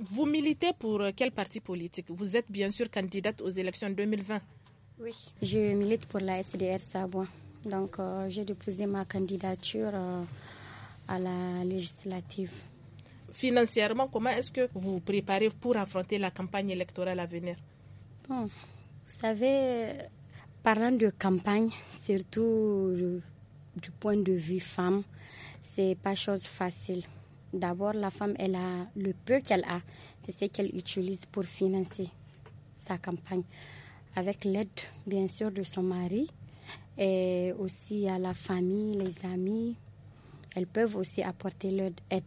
Vous militez pour euh, quel parti politique Vous êtes bien sûr candidate aux élections 2020. Oui, je milite pour la SDR Savoie. Donc, euh, j'ai déposé ma candidature euh, à la législative. Financièrement, comment est-ce que vous vous préparez pour affronter la campagne électorale à venir bon, Vous savez, parlant de campagne, surtout du, du point de vue femme, c'est pas chose facile D'abord, la femme, elle a le peu qu'elle a, c'est ce qu'elle utilise pour financer sa campagne, avec l'aide, bien sûr, de son mari et aussi à la famille, les amis. Elles peuvent aussi apporter leur aide.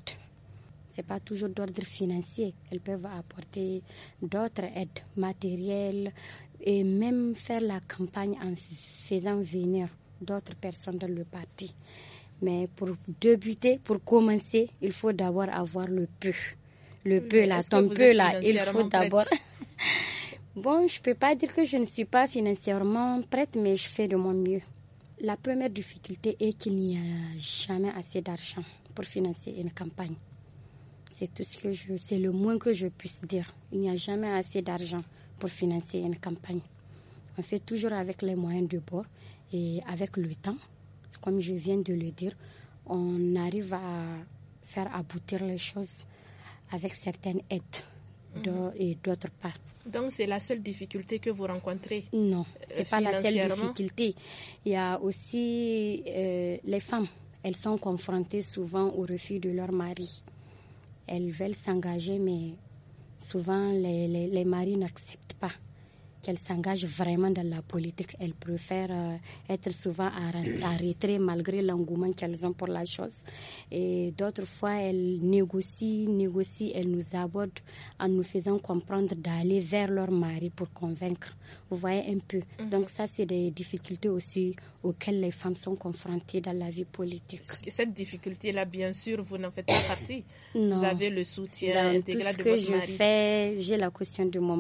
Ce n'est pas toujours d'ordre financier. Elles peuvent apporter d'autres aides matérielles et même faire la campagne en faisant venir d'autres personnes dans le parti. Mais pour débuter, pour commencer, il faut d'abord avoir le peu. Le peu, là, ton peu, là, il faut d'abord. bon, je ne peux pas dire que je ne suis pas financièrement prête, mais je fais de mon mieux. La première difficulté est qu'il n'y a jamais assez d'argent pour financer une campagne. C'est tout ce que je, c'est le moins que je puisse dire. Il n'y a jamais assez d'argent pour financer une campagne. On fait toujours avec les moyens de bord et avec le temps comme je viens de le dire, on arrive à faire aboutir les choses avec certaines aides mhm. et d'autres pas. Donc c'est la seule difficulté que vous rencontrez Non, euh, c'est pas la seule difficulté. Il y a aussi euh, les femmes. Elles sont confrontées souvent au refus de leur mari. Elles veulent s'engager, mais souvent les maris n'acceptent pas qu'elles s'engagent vraiment dans la politique. Elles préfèrent euh, être souvent à, malgré l'engouement qu'elles ont pour la chose. Et d'autres fois, elles négocient, négocient, elles nous abordent en nous faisant comprendre d'aller vers leur mari pour convaincre. Vous voyez un peu. Mhm. Donc ça, c'est des difficultés aussi auxquelles les femmes sont confrontées dans la vie politique. Cette difficulté-là, bien sûr, vous n'en faites pas partie. Vous avez le soutien dans intégral tout ce que je fais, j'ai la question de mon mari.